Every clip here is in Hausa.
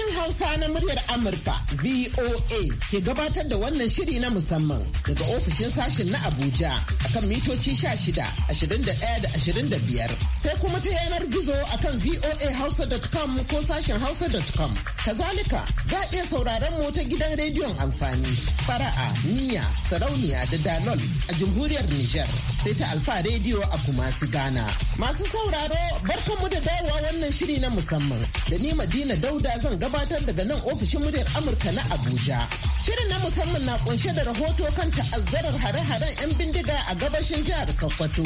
Sashin Hausa na muryar Amurka VOA ke gabatar da wannan shiri na musamman daga ofishin sashen na Abuja akan mitoci 16, 21 da biyar sai kuma ta yanar gizo akan voahausa.com ko sashen hausa.com. Kazalika za a iya sauraron mu ta gidan rediyon amfani fara'a, niya, sarauniya da dalol a jamhuriyar Nijar sai ta alfa rediyo a kumasi Ghana. Masu sauraro barkanmu da dawowa wannan shiri na musamman da ni Madina Dauda zan gabatar gabatar daga nan ofishin muryar Amurka na Abuja. Shirin na musamman na kunshe da rahoto kan ta'azzarar hare-haren 'yan bindiga a gabashin jihar Sokoto.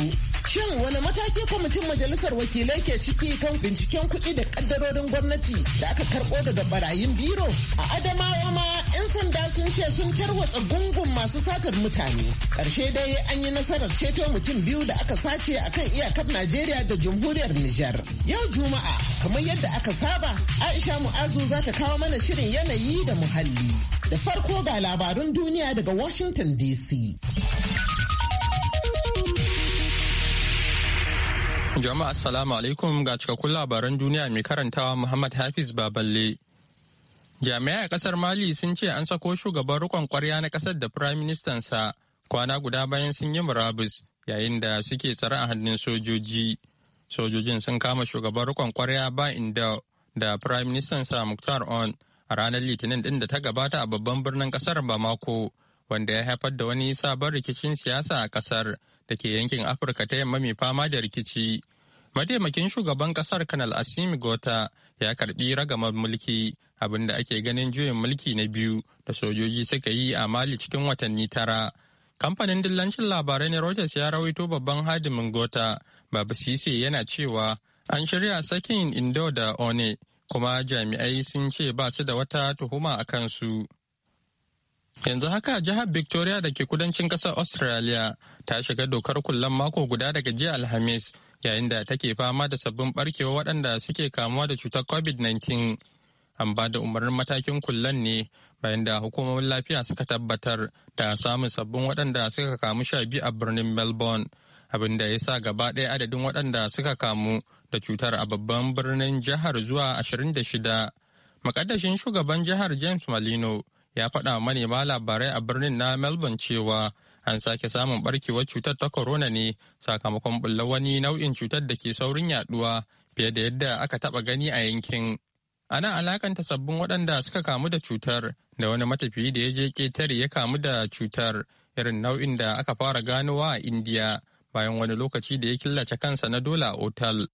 Shin wani mataki kwamitin majalisar wakilai ke ciki kan binciken kuɗi da ƙaddarorin gwamnati da aka karɓo daga barayin biro? A Adamawa ma 'yan sanda sun ce sun tarwatsa gungun masu satar mutane. Ƙarshe dai an yi nasarar ceto mutum biyu da aka sace akan iyakar Najeriya da Jamhuriyar Nijar. Yau Juma'a Kamar yadda aka saba, Aisha Mu'azu za ta kawo mana shirin yanayi da muhalli. Da farko ga labarun duniya daga Washington DC. Jama'a Assalamu alaikum ga cikakkun labaran duniya mai karantawa Muhammad Hafiz Baballe. Jami'ai a kasar Mali sun ce an sako shugaban rikon kwarya na kasar da Prime Ministansa kwana guda bayan sun yi murabus yayin da suke tsare a hannun sojoji. Sojojin sun kama shugaban rikon kwarya ba inda da Prime Minister sa Muktar On a ranar Litinin din da ta gabata a babban birnin kasar Bamako wanda ya haifar da wani sabon rikicin siyasa a kasar da ke yankin Afirka ta yamma mai fama da rikici. Mataimakin shugaban kasar Kanal Asimi Gota ya karbi ragamar mulki abinda ake ganin juyin mulki na biyu da sojoji suka yi a Mali cikin watanni tara. Kamfanin dillancin labarai na Reuters ya rawaito babban hadimin Gota Baba Sise yana cewa an shirya sakin Indo da One kuma jami'ai sun ce ba su da wata tuhuma a kansu. Yanzu haka jihar Victoria da ke kudancin ƙasar Australia ta shiga dokar kullan mako guda daga jiya Alhamis yayin da take fama da sabbin barkewa waɗanda suke kamuwa da cutar COVID-19. An ba da umarnin matakin kullan ne bayan da hukumomin lafiya suka tabbatar da samun sabbin waɗanda suka kamu sha biyu a birnin Melbourne abin da ya sa gaba ɗaya adadin waɗanda suka kamu da cutar a babban birnin jihar zuwa 26. Makaddashin shugaban jihar James Malino ya faɗa manema labarai a birnin na Melbourne cewa an sake samun barkewar cutar ta corona ne sakamakon bulla wani nau'in cutar da ke saurin yaduwa fiye da yadda aka taɓa gani a yankin. Ana alakanta sabbin waɗanda suka kamu da cutar da wani matafiyi da ya je ƙetare ya kamu da cutar irin nau'in da aka fara ganowa a Indiya. bayan wani lokaci da ya killace kansa na dole a otal.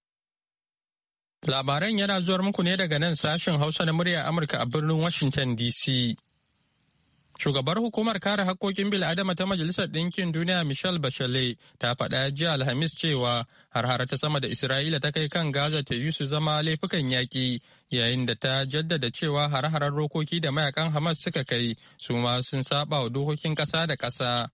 Labaran yana zuwar muku ne daga nan sashen Hausa na murya Amurka a birnin Washington DC. Shugabar hukumar kare haƙƙoƙin bil'adama ta Majalisar Ɗinkin Duniya Michelle Bachelet ta faɗa jiya Alhamis cewa harhara ta sama da Isra'ila ta kai kan Gaza ta yi su zama laifukan yaƙi yayin da ta jaddada cewa har-harar rokoki da mayakan Hamas suka kai su ma sun saba wa dokokin ƙasa da ƙasa.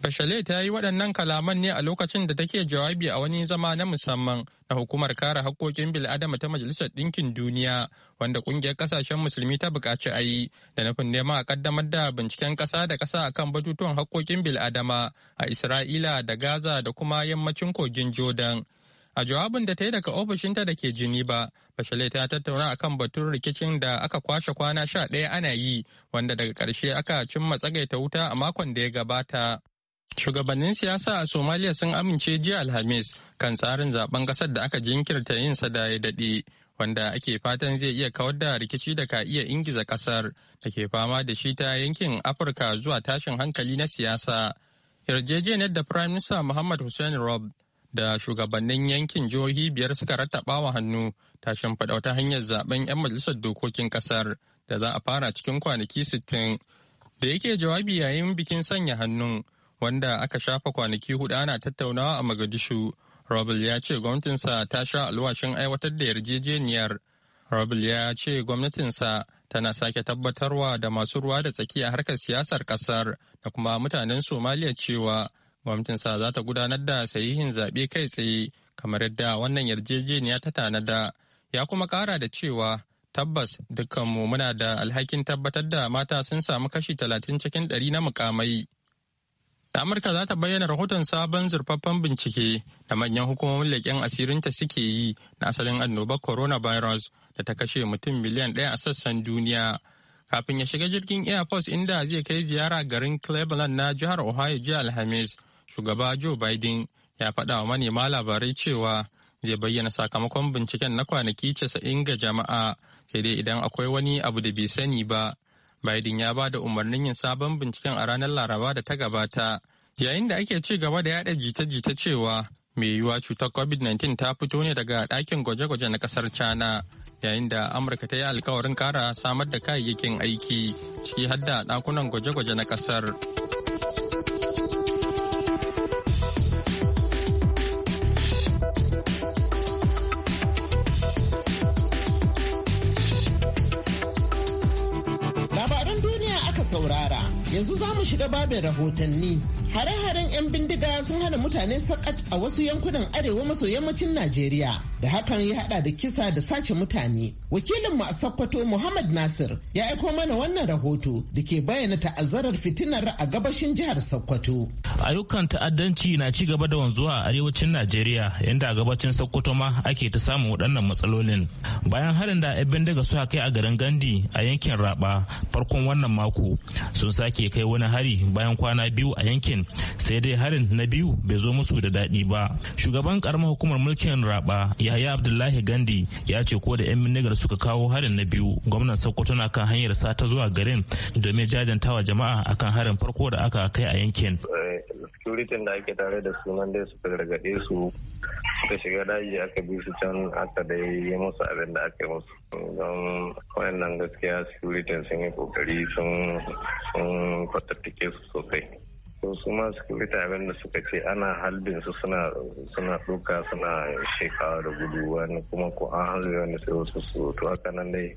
Bashale ta yi waɗannan kalaman ne a lokacin da take jawabi a wani zama na musamman na hukumar kare haƙƙoƙin bil'adama ta Majalisar Ɗinkin Duniya wanda ƙungiyar ƙasashen musulmi ta buƙaci a yi da nufin neman a ƙaddamar da binciken ƙasa da ƙasa akan batutuwan haƙƙoƙin bil'adama a Isra'ila da Gaza da kuma yammacin kogin Jordan. A jawabin da ta yi daga ofishinta da ke Geneva, Bashale ta tattauna kan batun rikicin da aka kwashe kwana sha ɗaya ana yi, wanda daga ƙarshe aka cimma tsagaita wuta a makon da ya gabata. Shugabannin siyasa a Somaliya sun amince jiya Alhamis kan tsarin zaben kasar da aka jinkirta yin sa da daɗe wanda ake fatan zai iya kawar da rikici da ka iya ingiza kasar da ke fama da shi ta yankin Afirka zuwa tashin hankali na siyasa. Yarjejeniyar da Prime Minister Muhammad Hussein Rob da shugabannin yankin jihohi biyar suka rattaba hannu ta shimfiɗa wata hanyar zaben 'yan majalisar dokokin kasar da za a fara cikin kwanaki sittin da yake jawabi yayin bikin sanya hannun. wanda aka shafa kwanaki hudu ana tattaunawa a Mogadishu. Rubble ya ce gwamnatinsa ta sha alwashin aiwatar da yarjejeniyar. Robel ya ce gwamnatinsa tana sake tabbatarwa da masu ruwa da tsaki a harkar siyasar kasar da kuma mutanen Somaliya cewa gwamnatinsa za ta gudanar da sahihin zaɓe kai tsaye kamar yadda wannan yarjejeniya ta tanada. Ya kuma ƙara da cewa tabbas dukkanmu muna da alhakin tabbatar da mata sun samu kashi talatin cikin ɗari na mukamai. Amurka za ta bayyana rahoton sabon zurfaffen bincike da manyan hukumomin leƙen asirinta suke yi na asalin annobar coronavirus da ta kashe mutum miliyan ɗaya a sassan duniya. Kafin ya shiga jirgin Air Force inda zai kai ziyara garin Cleveland na jihar Ohio jiya Alhamis, shugaba Joe Biden ya faɗa wa manema labarai cewa zai bayyana sakamakon binciken na kwanaki casa'in ga jama'a sai dai idan akwai wani abu da bai sani ba Biden ya ba da umarnin yin sabon binciken a ranar Laraba da ta gabata, yayin da ake ci gaba da yada jita-jita cewa mai yiwuwa cutar COVID-19 ta fito ne daga ɗakin gwaje-gwaje na ƙasar China, yayin da Amurka ta yi alkawarin kara samar da kayayyakin aiki, ciki har da ɗakunan gwaje-gwaje na ƙasar. yanzu za mu shiga babin rahotanni hare-haren 'yan bindiga sun hana mutane Sa'ad a wasu yankunan arewa maso yammacin Najeriya da hakan ya hada da kisa da sace mutane. wakilinmu a Sokoto Muhammad Nasir ya aiko mana wannan rahoto da ke bayyana ta'azzarar fitinar a gabashin jihar Sokoto. Ayyukan ta'addanci na ci gaba da wanzuwa a arewacin Najeriya inda a gabacin Sokoto ma ake ta samun waɗannan matsalolin. Bayan harin da 'yan daga suka kai a garin Gandi a yankin Raba farkon wannan mako sun sake kai wani hari bayan kwana biyu a yankin sai dai harin na biyu bai zo musu da daɗi ba shugaban karamar hukumar mulkin raba yahaya abdullahi gandi ya ce ko da 'yan minigar suka kawo harin na biyu gwamnan sokoto na kan hanyar sata zuwa garin domin jajantawa jama'a akan harin farko da aka kai a yankin eh, security da ake tare da sunan dai suka gargaɗe su suka shiga daji aka bi su can aka ya yi musu abin da aka yi musu don wayannan gaskiya security sun yi kokari sun fatattake su sosai to su ma security abin da suka ce ana halbin su suna suna duka suna shekawa da gudu wani kuma ko an halbe wani sai wasu su to haka nan dai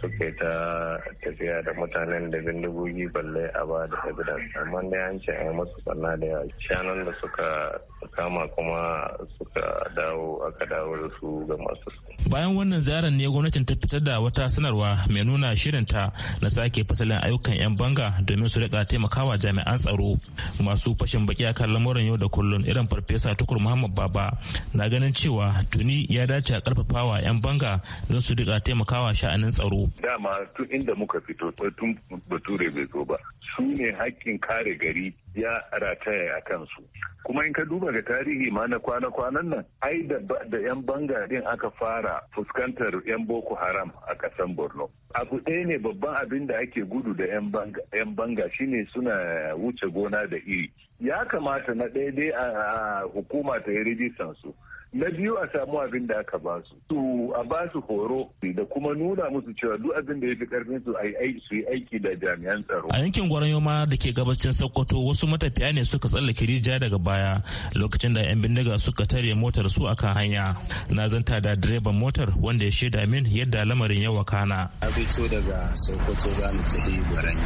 suka yi ta tafiya da mutanen da bindigogi balle a ba da evidence amma dai an ce a yi masu sannan da yawa shanan da suka kama kuma suka dawo aka dawo da su ga masu su. Bayan wannan ziyarar ne gwamnatin ta fitar da wata sanarwa mai nuna shirinta na sake fasalin ayyukan 'yan banga domin su rika taimakawa jami'an tsaro masu fashin baki akan lamuran yau da kullun irin farfesa tukur muhammad baba na ganin cewa tuni ya dace a karfafawa 'yan banga don su rika taimakawa sha'anin tsaro. Dama tun inda muka fito tun bature bai zo ba su ne hakkin kare gari ya rataya a kansu kuma in ka duba ga tarihi ma na kwana-kwanan nan ai da 'yan banga din aka fara fuskantar 'yan boko haram a kasan borno abu ɗaya ne babban abin da ake gudu da 'yan banga shine suna wuce gona da iri ya kamata na ɗaya dai a hukuma ta yi rijistan su na biyu a samu abin da aka ba su su a ba su horo da kuma nuna musu cewa duk abin da ya fi karfin su ai su yi aiki da jami'an tsaro a yankin gwaran yoma da ke gabacin sokoto wasu matafiya ne suka tsallake rijiya daga baya lokacin da yan bindiga suka tare motar su a kan hanya na zanta da direban motar wanda ya shaida min yadda lamarin ya wakana. a fito daga Sokoto za mu tafi Gwaran.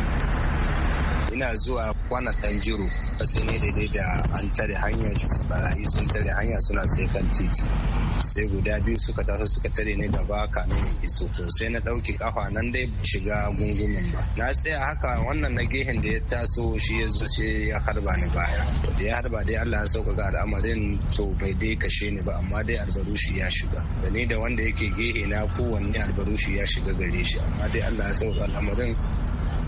ina zuwa kwana tanjiro kasu ne daidai da an tare hanyar barayi sun tare hanya suna tsaye kan titi sai guda biyu suka taso suka tare ne gaba kamin iso to sai na ɗauki kafa nan dai shiga gungumin ba na tsaya haka wannan na gehen da ya taso shi ya zo sai ya harba ni baya da ya harba dai Allah ya sauƙaƙa al'amarin to bai dai kashe ni ba amma dai albarushi ya shiga da ni da wanda yake gehe na kowanne albarushi ya shiga gare shi amma dai Allah ya sauƙaƙa al'amarin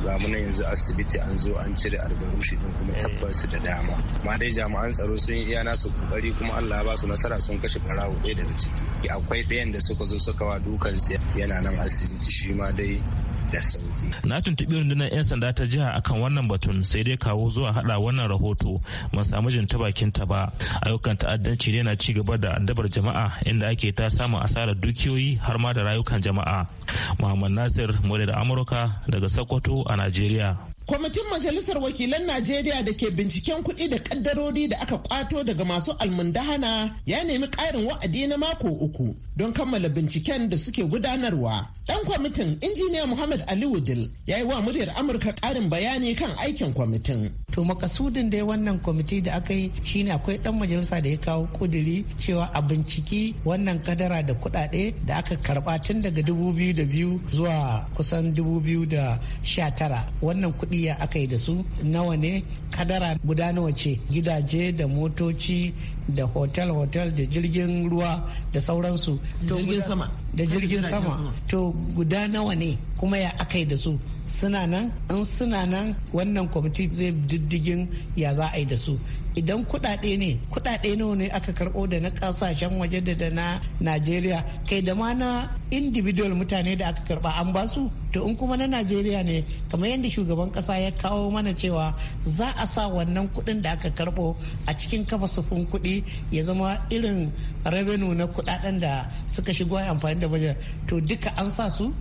ga muna yanzu asibiti an zo an cire albarushi din kuma eh. tabbas da dama ma dai jami'an tsaro sun yi iya nasu kokari kuma Allah ba su nasara sun kashe barawo ɗaya daga ciki akwai ɗayan da suka zo suka wa dukan yana nan asibiti shi ma dai da sauki. Na tuntuɓi rundunar 'yan sanda ta jiha akan wannan batun sai dai kawo zuwa haɗa wannan rahoto ban samu jin ta bakin ta ba. Ayyukan ta'addanci ne na ci gaba da addabar jama'a inda ake ta samun asarar dukiyoyi har ma da rayukan jama'a. Muhammad Nasir, Murya da Amurka daga Sokoto a Najeriya. Kwamitin Majalisar Wakilan Najeriya da ke binciken kuɗi da ƙaddarori da aka kwato daga masu almundahana ya nemi ƙarin wa'adi na mako uku don kammala binciken da suke gudanarwa. ɗan kwamitin injiniya Muhammad Ali Wudil ya yi wa muryar Amurka ƙarin bayani kan aikin kwamitin. To makasudin dai wannan kwamiti da aka yi shine akwai ɗan majalisa da ya kawo ƙudiri cewa a binciki wannan kadara da kuɗaɗe da aka karɓa tun daga biyu zuwa kusan sha tara wannan kuɗi ya aka yi da su nawa ne kadara guda ce gidaje da motoci da hotel-hotel da jirgin ruwa da sauransu jirgin sama da jirgin sama to guda nawa ne kuma ya aka yi da su suna nan in suna nan wannan kwamiti zai diddigin ya za a yi da su idan kudade ne kudade nawa ne aka karbo da na kasashen waje da na najeriya kai da ma na individual mutane da aka karba an ba su to in kuma na najeriya ne kamar yadda shugaban kasa ya kawo mana cewa za a sa wannan kudin da aka karbo a cikin kafa sufin kudi ya zama irin revenue na kudaden da suka shigo amfani da bajet to duka an sa su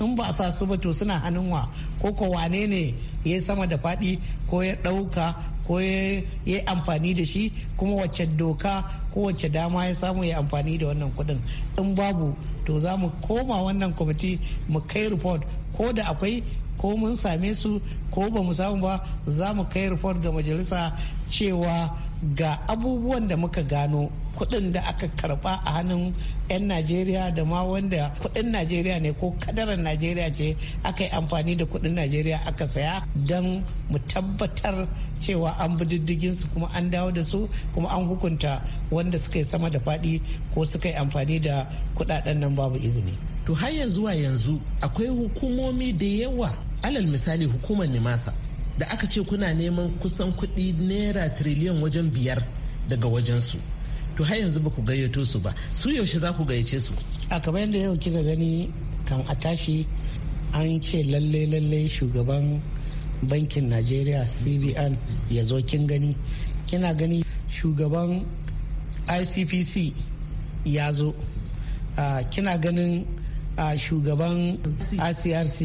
in ba sa su ba to suna hannun wa ko ko wane ne ya sama da faɗi ko ya ɗauka ko ya amfani da shi kuma wacce doka ko wacce dama ya samu ya amfani da wannan kuɗin in babu to za mu koma wannan kwamiti mu kai report ko da akwai ko mun same su ko ba mu samu ba za mu kai report ga majalisa cewa ga abubuwan da muka gano kuɗin da aka karba a hannun 'yan najeriya da ma wanda kuɗin najeriya ne ko kadarar najeriya ce aka yi amfani da kuɗin najeriya aka saya don mu tabbatar cewa an bi diddigin su kuma an dawo da su kuma an hukunta wanda suka yi sama da faɗi ko suka yi amfani da kuɗaɗen nan babu izini to har yanzu wa yanzu akwai hukumomi da yawa alal misali hukumar nimasa da aka ce kuna neman kusan kuɗi naira tiriliyan wajen biyar daga wajensu to har yanzu ba ku gayyato su ba su yaushe za ku gayyace su a kamar yadda yau kika gani kan a tashi an ce lalle lalle shugaban bankin najeriya cbn ya zo kin gani kina gani shugaban icpc ya zo ah, kina ganin a shugaban ICRC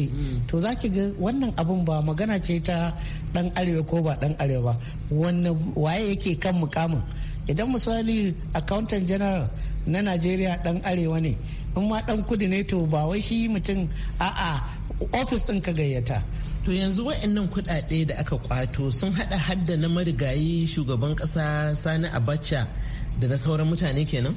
to za ki ga wannan abun ba magana ce ta dan arewa ko ba dan arewa ba wannan waye yake kan mukamin idan misali accountant general na najeriya dan arewa ne in ma dan kudu ne to ba wai shi mutum a'a ofis din ka gayyata to yanzu wa'annan kudade da aka kwato sun hada hadda na marigayi shugaban kasa sani abacha da na sauran mutane kenan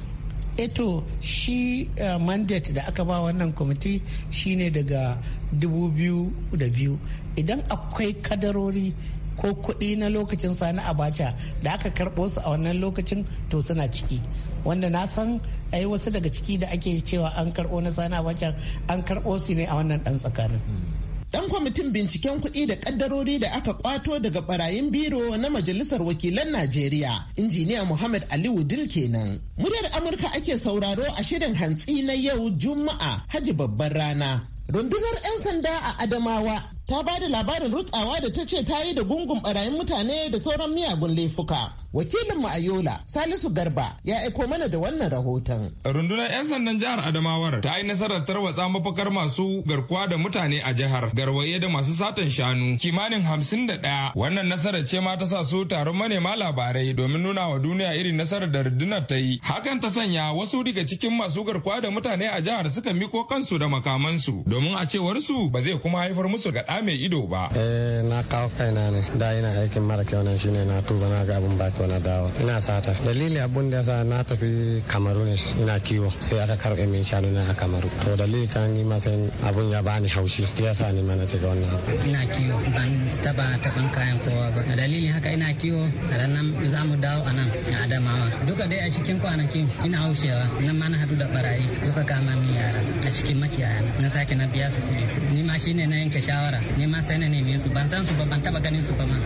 eto shi uh, mandate da aka ba wannan kwamiti shine daga 2002 idan akwai kadarori ko kuɗi na lokacin sani abacha da aka karɓo su a wannan lokacin to suna ciki wanda na san ai wasu daga ciki da ake cewa an karɓo na sani abacha an karɓo su ne a wannan ɗan tsakanin. Hmm. Dan kwamitin binciken kuɗi da ƙaddarori da aka kwato daga barayin biro na Majalisar Wakilan Najeriya, injiniya Muhammad Aliyu Dil kenan. Muryar Amurka ake sauraro a shirin hantsi na yau Juma'a hajji babban rana. Rundunar 'yan sanda a Adamawa ta ba da labarin rutsawa da ta ce ta yi da gungun barayin mutane da sauran miyagun laifuka. Wakilinmu a Salisu Garba, ya aiko mana da wannan rahoton. Rundunar 'yan sandan jihar Adamawar ta yi nasarar tarwatsa mafakar masu garkuwa da mutane a jihar, garwaye da masu satan shanu, kimanin hamsin da ɗaya. Wannan nasarar ce ma ta sa su taron manema labarai domin nuna wa duniya irin nasarar da rundunar ta yi. Hakan ta sanya wasu daga cikin masu garkuwa da mutane a jihar suka miko kansu da makamansu, domin a cewar su ba zai kuma haifar musu ga ɗa mai ido ba. Eh na kawo kaina ne da ina aikin mara kyau nan shine na tuba na ga abun ba wani dawa ina sata dalili abun da yasa na tafi Kamaru ne ina kiwo sai aka karɓe min shanu na a Kamaru to dalili ta ni ma sai abun ya bani haushi sa ni ma na wannan Ina kiwo ban taba taban kayan kowa ba dalilin haka ina kiwo ranar za mu dawo a nan a Adamawa duka dai a cikin kwanakin ina haushewa nan ma na hadu da barayi suka kama min yara a cikin makiyaya na sake na biya su kuɗi ni ma shine na yanke shawara ne ma sai na neme su ban san su ba ban taba ganin su ba ma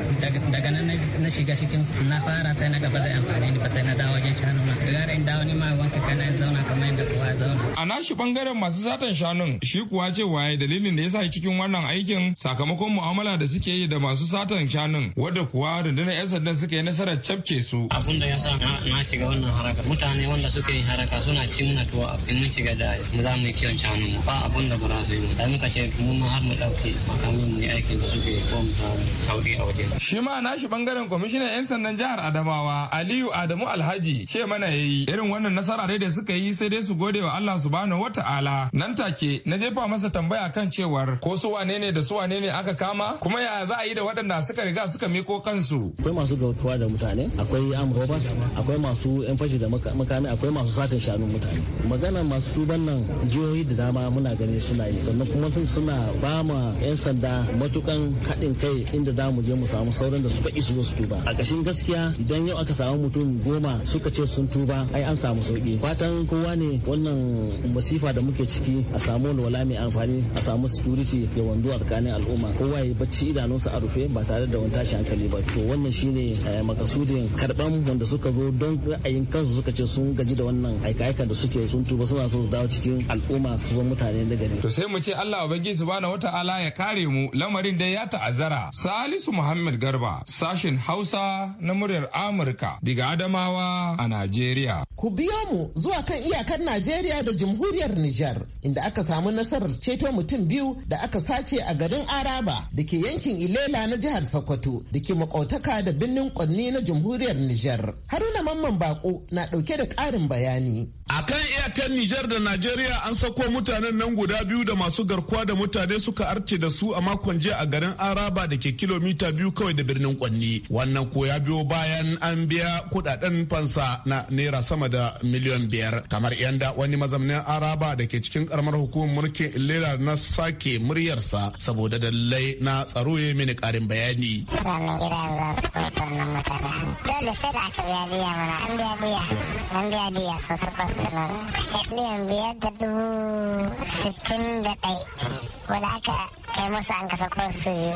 daga nan na shiga cikin su na fara sai na gaba da amfani da ba sai na dawo wajen shanu na gara in dawo ni ma wanka kana zauna kamar yadda kowa zauna a nashi bangaren masu satan shanun shi kuwa ce waye dalilin da ya sa cikin wannan aikin sakamakon mu'amala da suke yi da masu satan shanun wadda kuwa rundunar 'yan sanda suka yi nasarar cafke su abun da ya sa na shiga wannan haraka mutane wanda suke yin haraka suna ci muna tuwa in mun shiga da mu za mu kiwon shanun ba abun da ba za su yi mu da muka ce mu har mu ɗauki domin mu yi aikin da suke ko mu a waje. Shi ma nashi bangaren kwamishinan 'yan sandan jihar Adamawa Aliyu Adamu Alhaji ce mana ya yi irin wannan nasara dai da suka yi sai dai su gode wa Allah subhanahu wa ta'ala nan take na jefa masa tambaya kan cewar ko su wane ne da su wane ne aka kama kuma ya za a yi da waɗanda suka riga suka miko kansu. Akwai masu gautuwa da mutane akwai amrobas akwai masu 'yan fashi da makami akwai masu satin shanun mutane. Magana masu tuban nan jihohi da dama muna gani suna yi sannan kuma suna ba ma 'yan da matukan haɗin kai inda za mu je mu samu sauran da suka isu su tuba a ƙashin gaskiya idan yau aka samu mutum goma suka ce sun tuba ai an samu sauki fatan kowa ne wannan masifa da muke ciki a samu walwala mai amfani a samu security ya wando a tsakanin al'umma kowa ya bacci idanunsa a rufe ba tare da wani tashi hankali ba to wannan shine eh, makasudin karban wanda suka zo don ra'ayin kansu suka ce sun gaji da wannan aika-aika da suke sun tuba suna so su dawo cikin al'umma su mutane da gari to sai mu ce Allah ubangiji subhanahu wata'ala ya kare mu lamarin da ya ta'azzara. Salisu Muhammad Garba sashin Hausa na muryar Amurka daga Adamawa a Najeriya. Ku biyo mu zuwa kan iyakar Najeriya da Jamhuriyar Nijar inda aka samu nasarar ceto mutum biyu da aka sace a garin Araba da ke yankin Ilela na jihar Sokoto da ke makautaka da birnin Kwanni na Jamhuriyar Nijar. Haruna Mamman Bako na ɗauke da ƙarin bayani. A kan iyakar Nijar da Najeriya an sako mutanen nan guda biyu da masu garkuwa da mutane suka arce da su a makon jiya a garin Araba da ke kilomita biyu kawai da birnin Kwanni. Wannan ko ya biyo bayan an biya kudaden fansa na naira sama da miliyan biyar. Kamar yanda wani mazaunin Araba da ke cikin karamar hukumar mulkin Ilela na sake muryarsa saboda dalilai na tsaro ya mini karin bayani. Dole da aka kai musu an kasa ko su yi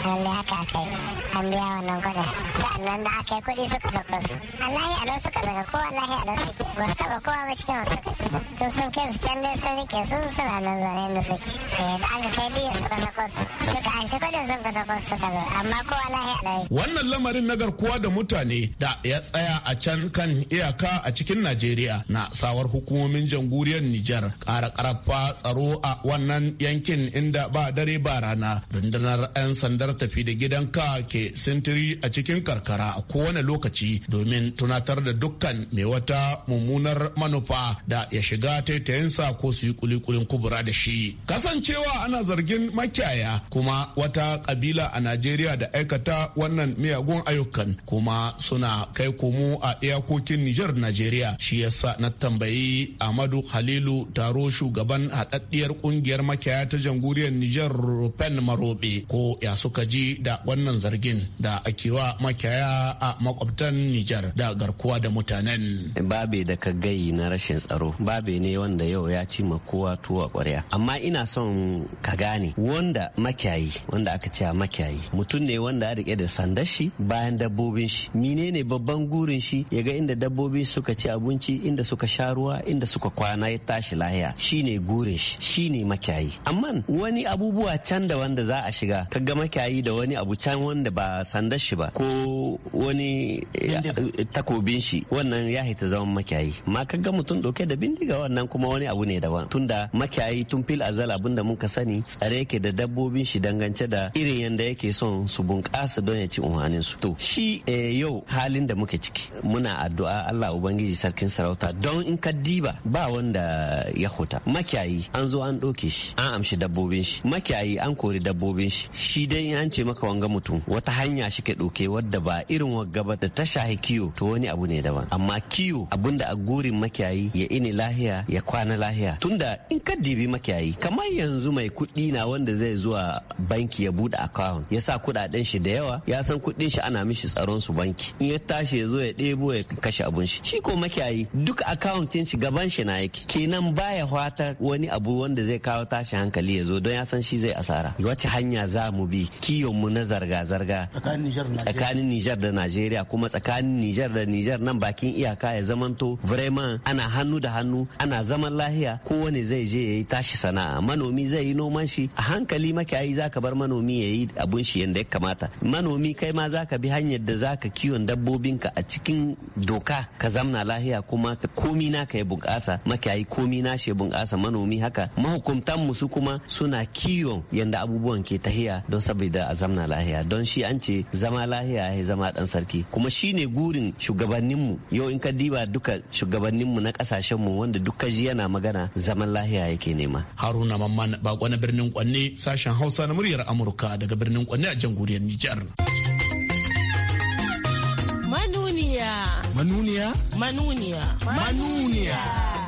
wanda haka aka yi an biya wannan kudin sa'annan da aka yi kudi suka sako su allahi alo suka daga ko allahi alo suke ba su taba kowa ba cikin wasu kaci sun sun kai su can dai sun rike sun suna nan zane da suke da aka kai biyu suka sako su suka an shi kudin sun kasa kwasu su suka zo amma ko allahi alo wannan lamarin na garkuwa da mutane da ya tsaya a can kan iyaka a cikin najeriya na sawar hukumomin jamhuriyar nijar ƙara ƙarfa tsaro a wannan yankin inda ba ba dare ba rana rundunar 'yan sandar tafi da gidanka ke sintiri a cikin karkara a kowane lokaci domin tunatar da dukkan mai wata mummunar manufa da ya shiga taitayensa ko su yi kulikulin kubura da shi kasancewa ana zargin makiyaya kuma wata kabila a najeriya da aikata wannan miyagun ayyukan kuma suna kai komo a iyakokin nijar najeriya shi yasa na tambayi amadu halilu taro shugaban haɗaɗɗiyar ƙungiyar makiyaya ta jamhuriyar Nijar Rufen Marobe ko ya suka ji da wannan zargin da ake wa makiyaya a makwabtan Nijar da garkuwa da mutanen. Babe da ka gayi na rashin tsaro babe ne wanda yau ya ci ma kowa tuwa kwarya amma ina son ka gane wanda makiyayi wanda aka ce makiyayi mutum ne wanda ya rike da sandar shi bayan dabbobin shi menene babban gurin shi ya ga inda dabbobi suka ci abinci inda suka sha ruwa inda suka kwana ya tashi lahiya shine gurin shi shine makiyayi amma wani abu abubuwa can da wanda za a shiga ka ga makiyayi da wani abu can wanda ba sandar shi ba ko wani eh, takobin shi wannan ya haita zaman makiyayi ma ka ga mutum dauke da bindiga wannan kuma wani abu ne daban tunda makiyayi tun fil azal abin da muka sani tsare yake da dabbobin shi dangance da irin yanda yake son su bunƙasa don ya ci umarnin su to shi eh, yau halin da muke ciki muna addu'a Allah ubangiji sarkin sarauta don in ka diba ba wanda ya huta makiyayi an zo an ɗauke shi an amshi dabbobin shi makiyayi an kori dabbobin shi shi dai in an ce maka wanga mutum wata hanya shi ke ɗauke wadda ba irin wagga ba da ta shahi kiyo to wani abu ne daban amma kiyo abinda a gurin makiyayi ya ini lahiya ya kwana lahiya tunda in ka dibi makiyayi kamar yanzu mai kuɗi na wanda zai zuwa banki ya buɗe akawun ya sa kuɗaɗen shi da yawa ya san kuɗin shi ana mishi tsaron su banki in ya tashi ya zo ya ɗebo ya kashe abun shi shi ko makiyayi duk akawun shi gaban shi na yake kenan baya fata wani abu wanda zai kawo tashi hankali ya zo don ya san shi zai asara wace hanya za mu bi kiyon mu na zarga-zarga tsakanin Nijar da Najeriya kuma tsakanin Nijar da Nijar nan bakin iyaka ya zamanto vraiment ana hannu da hannu ana zaman lahiya kowane zai je ya yi tashi sana'a manomi zai yi noman shi a hankali makiyayi zaka bar manomi ya yi abun shi yadda ya kamata manomi kai ma zaka bi hanyar da za zaka kiwon ka a cikin doka ka zamna lahiya kuma komi na ka ya bunƙasa makiyayi komi na shi bunƙasa manomi haka mahukumtan mu su kuma suna kiwon yadda abubuwan ke tahiya don saboda a zamna lahiya don shi an ce zama lahiya ya zama dan sarki kuma shi ne gurin shugabanninmu yau in ka diba duka shugabanninmu na kasashenmu wanda duka ji yana magana zaman lahiya yake nema haruna mamman bako na birnin kwanne sashen hausa na muryar amurka daga birnin kwanne a jamhuriyar nijar manuniya manuniya manuniya manuniya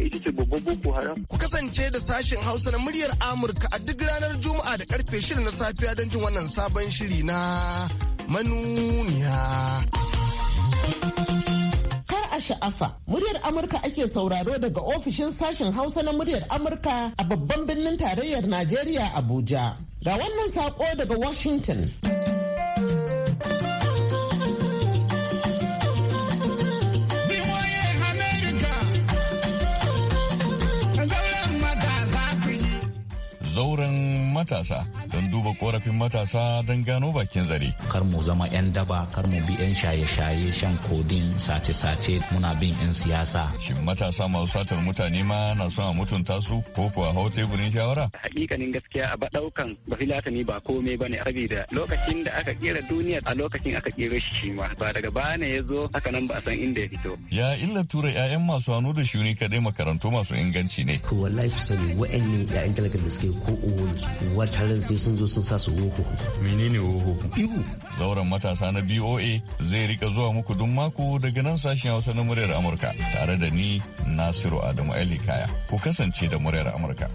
wannan ita ce babban boko haram. Ku kasance da sashen Hausa na muryar Amurka a duk ranar Juma'a da karfe shirin na safiya don jin wannan sabon shiri na manuniya. Kar a sha'afa, muryar Amurka ake sauraro daga ofishin sashen Hausa na muryar Amurka a babban birnin tarayyar Najeriya Abuja. Ga wannan saƙo daga Washington. matasa don duba korafin matasa don gano bakin zare. Kar mu zama 'yan daba, kar mu bi 'yan shaye-shaye shan kodin sace-sace muna bin 'yan siyasa. Shin matasa masu satar mutane ma na son a mutunta su ko kuwa hau teburin shawara? Hakikanin gaskiya a baɗaukan ba filatani ba komai ba ne saboda lokacin da aka kera duniya a lokacin aka kera shi shi ma ba daga ba ne ya zo haka nan ba a san inda ya fito. Ya illa tura 'ya'yan masu hannu da shuni kadai makarantu masu inganci ne. To wallahi su sani wa'yan ne 'ya'yan talakar da suke ko uwan wataran sai sun sun zo sun sa su woho. Menene woho? Ihu. Zauren matasa na BOA zai rika zuwa muku duk mako daga nan sashen Hausa na muryar Amurka tare da ni Nasiru Adamu Ali Kaya. Ku kasance da muryar Amurka.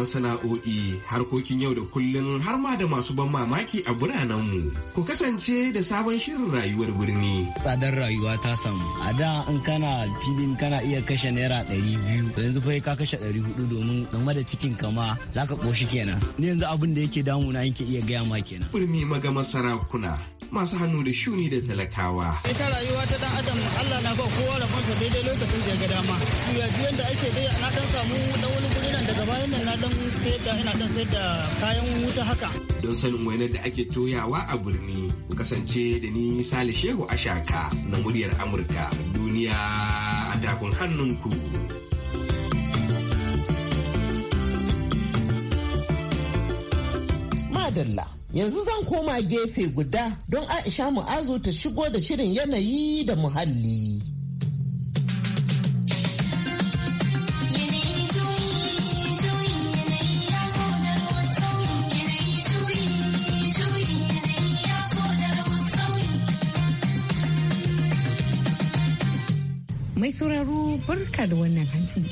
wuraren sana'o'i harkokin yau da kullun har ma da masu ban mamaki a biranenmu. Ku kasance da sabon shirin rayuwar birni. Tsadar rayuwa ta samu. A da in kana filin kana iya kashe naira ɗari biyu yanzu fa ka kashe ɗari hudu domin game da cikin kama za ka ƙoshi kenan. Ni yanzu abin da yake damuna yake iya gaya ma kenan. Birni magama sarakuna. masu hannu da shuni da talakawa. Ita rayuwa ta dan adam Allah na ba kowa rabonsa daidai lokacin da ya ga dama. Juya ake dai na dan samu dan wani guri nan daga bayan nan na sayar da ina sayar da kayan wuta haka. Don sanin wainar da ake toyawa a birni ku kasance da ni Sale Shehu Ashaka na muryar Amurka duniya a takun hannunku. Madalla. Yanzu zan koma gefe guda don Aisha Mu'azu ta shigo da shirin yanayi da muhalli. barka da wannan hantsi.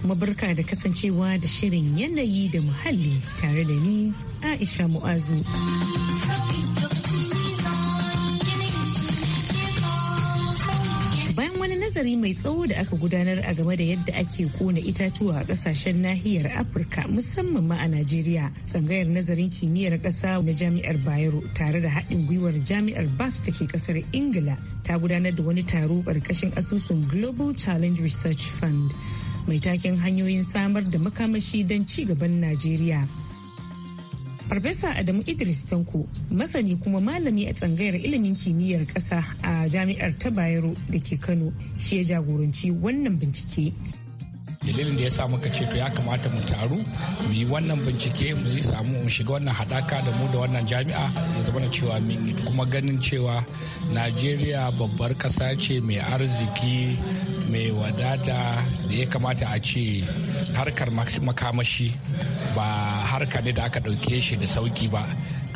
Kuma barka da kasancewa da shirin yanayi da muhalli tare da ni Aisha Mu'azu. nazari mai tsawo da aka gudanar a game da yadda ake kona itatuwa a kasashen nahiyar afirka musamman ma a najeriya tsangayar nazarin kimiyyar ƙasa na jami'ar bayero tare da haɗin gwiwar jami'ar bath da ke ƙasar ingila ta gudanar da wani taro ƙarƙashin asusun global challenge research fund mai taken hanyoyin samar da makamashi don ci gaban najeriya Farfesa Adamu Idris Tanko masani kuma malami a tsangayar ilimin kimiyyar ƙasa a jami'ar ta Bayero da ke Kano shi ya jagoranci wannan bincike. dalilin da ya sa muka ce to ya kamata mu taru mu yi wannan bincike mu yi samu mu shiga wannan hadaka da mu da wannan jami'a da zama cewa mun kuma ganin cewa najeriya babbar kasa ce mai arziki mai wadata da ya kamata a ce harkar makamashi ba harka ne da aka ɗauke shi da sauki ba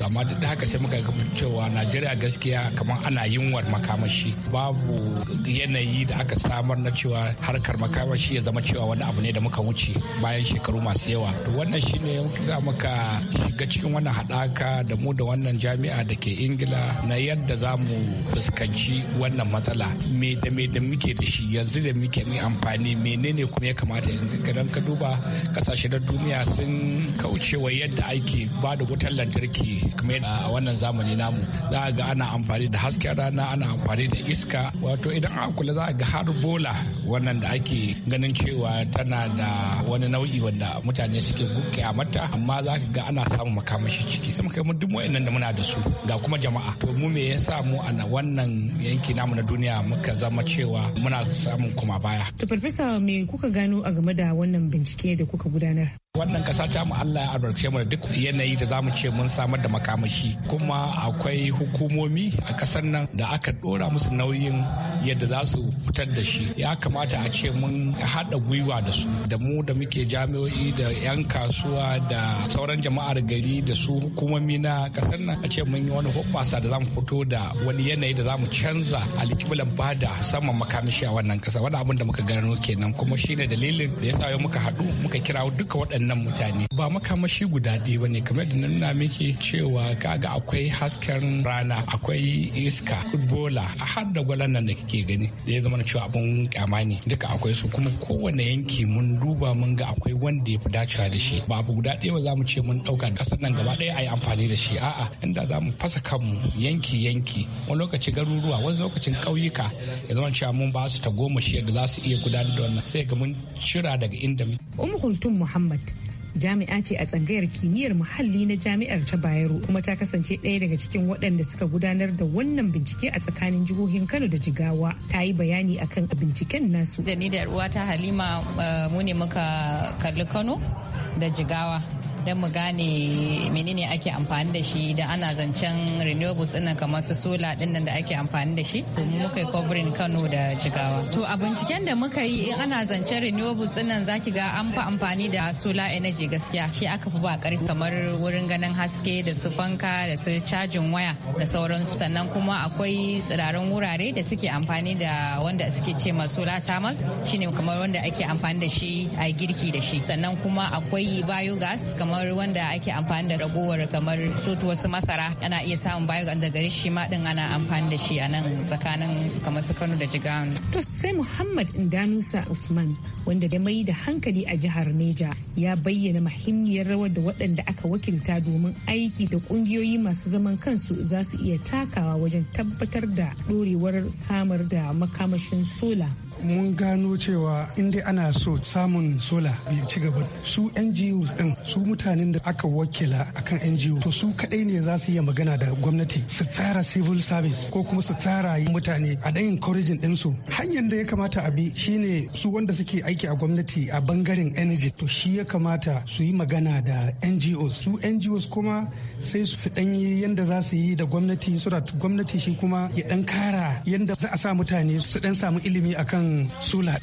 amma duk da haka sai muka ga cewa najeriya gaskiya kamar ana yunwar makamashi babu yanayi da aka samar na cewa harkar makamashi ya zama cewa wani abu ne da muka wuce bayan shekaru masu yawa to wannan shine za muka shiga cikin wannan hadaka da mu da wannan jami'a da ke ingila na yadda za mu fuskanci wannan matsala me da me da muke da shi yanzu da muke mai amfani menene kuma ya kamata idan ka duba kasashe na duniya sun kaucewa yadda ake ba da wutar lantarki kamar a wannan zamani namu za ga ana amfani da hasken rana ana amfani da iska wato idan a kula za ga har bola wannan da ake ganin cewa tana da wani nau'i wanda mutane suke gukke a mata amma za ga ana samun makamashi ciki sama muka mun duk wayannan da muna da su ga kuma jama'a to mu me yasa mu a wannan yanki namu na duniya muka zama cewa muna samun kuma baya to farfesa me kuka gano a game da wannan bincike da kuka gudanar wannan kasa ta mu Allah ya albarkace mu da duk yanayi da zamu ce mun samar da makamashi kuma akwai hukumomi a kasar nan da aka dora musu nauyin yadda za su fitar da shi ya kamata a ce mun haɗa gwiwa da su da mu da muke jami'o'i da 'yan kasuwa da sauran jama'ar gari da su hukumomi na kasar nan a ce mun yi wani hoɓɓasa da zamu fito da wani yanayi da zamu canza alkiblan bada saman makamashi a wannan kasa wani abin da muka gano kenan kuma shine dalilin da yasa yau muka haɗu muka kira duka waɗannan waɗannan mutane ba makamashi guda ɗaya ba ne kamar da nuna miki cewa kaga akwai hasken rana akwai iska bola a har da gwalan da kike gani da ya zama cewa abun kyama ne duka akwai su kuma kowane yanki mun duba mun ga akwai wanda ya fi dacewa da shi ba abu guda ɗaya ba za mu ce mun ɗauka ƙasar nan gaba ɗaya a yi amfani da shi a'a inda za mu fasa kanmu yanki yanki wani lokaci garuruwa wani lokacin ƙauyuka ya zama cewa mun ba su ta goma shi yadda za su iya gudanar da wannan sai ga mun shira daga inda. Umu Kultum Muhammad jami'a ce a tsangayar kimiyyar muhalli na jami'ar ta bayero kuma ta kasance ɗaya daga cikin waɗanda suka gudanar da wannan bincike a tsakanin jihohin kano da jigawa ta yi bayani akan binciken nasu da ni da uwata halima eh, mu ne muka kalli kano da jigawa don mu gane menene ake amfani da shi da ana zancen renewables ɗin kamar su sola ɗin nan da ake amfani da shi domin muka yi covering Kano da Jigawa. To a binciken da muka yi in ana zancen renewables ɗin nan zaki ga an fi amfani da solar energy gaskiya shi aka fi ba ƙarfi kamar wurin ganin haske da su fanka da su cajin waya da sauransu sannan kuma akwai tsirarin wurare da suke amfani da wanda suke ce ma solar thermal shine kamar wanda ake amfani da shi a girki da shi sannan kuma akwai biogas kamar kamar wanda ake amfani da ragowar kamar sutu wasu masara ana iya samun bayo da gari shi ma din ana amfani da shi a nan tsakanin kamar su Kano da jigawan. To sai Muhammad Indanusa Usman wanda da mai da hankali a jihar Neja ya bayyana muhimmiyar rawar da waɗanda aka wakilta domin aiki da ƙungiyoyi masu zaman kansu za su iya takawa wajen tabbatar da ɗorewar samar da makamashin sola mun gano cewa inda ana so samun sola bai ci gaba su ngos din su mutane mutanen da aka wakila a kan NGO to su kadai ne za su iya magana da gwamnati su tsara civil service ko kuma su tsara yi mutane a ɗan encouraging ɗinsu. su hanyar da ya kamata a bi shine su wanda suke aiki a gwamnati a bangaren energy to shi ya kamata su yi magana da NGOs su NGOs kuma sai su ɗan yi yanda za su yi da gwamnati so that gwamnati shi kuma ya ɗan kara yanda za a sa mutane su dan samu ilimi akan sula.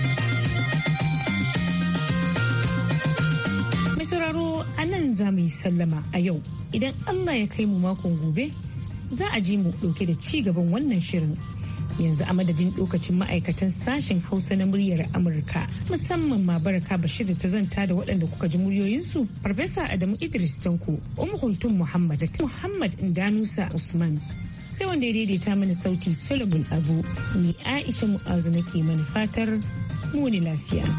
sauraro a nan za mu yi sallama a yau idan allah ya kai mu makon gobe za a ji mu ɗauke da ci gaban wannan shirin yanzu a madadin lokacin ma'aikatan sashen hausa na muryar amurka musamman ma baraka bashir da ta zanta da waɗanda kuka ji muryoyinsu farfesa adamu idris tanko umu hultun muhammad muhammad danusa usman sai wanda ya daidaita mana sauti solomon abu ni aisha mu'azu nake mana fatar muni lafiya.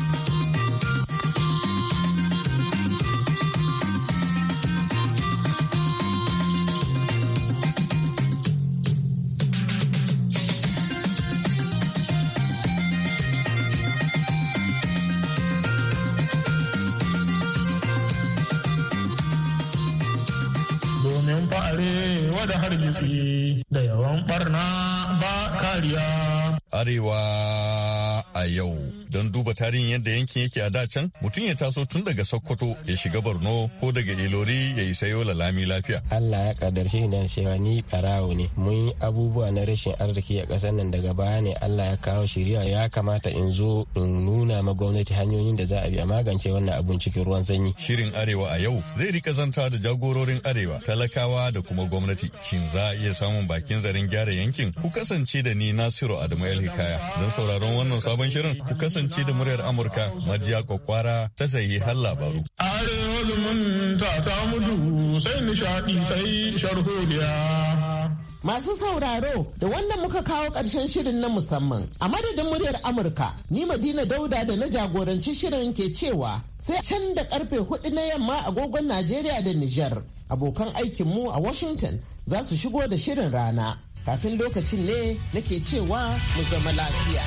duba tarihin yadda yankin yake a da can mutum ya taso tun daga sokoto ya shiga borno ko daga ilori ya isa yola lami lafiya allah ya kadarce da cewa ni barawo ne mun yi abubuwa na rashin arziki a ƙasar nan daga baya ne allah ya kawo shiriya ya kamata in zo in nuna ma gwamnati hanyoyin da za a bi a magance wannan abun cikin ruwan sanyi shirin arewa a yau zai rika zanta da jagororin arewa talakawa da kuma gwamnati shin za a iya samun bakin zarin gyara yankin ku kasance da ni nasiru adamu el hikaya don sauraron wannan sabon shirin ku kasance da da muryar Amurka Majiya Kwakwara ta sayi har labaru. Arewa zumunta ta mudu sai nishaɗi sai Masu sauraro da wannan muka kawo ƙarshen shirin na musamman a madadin muryar Amurka ni Madina Dauda da na jagoranci shirin ke cewa sai can da karfe hudu na yamma agogon Najeriya da Nijar abokan aikinmu a Washington za su shigo da shirin rana kafin lokacin ne nake cewa mu zama lafiya.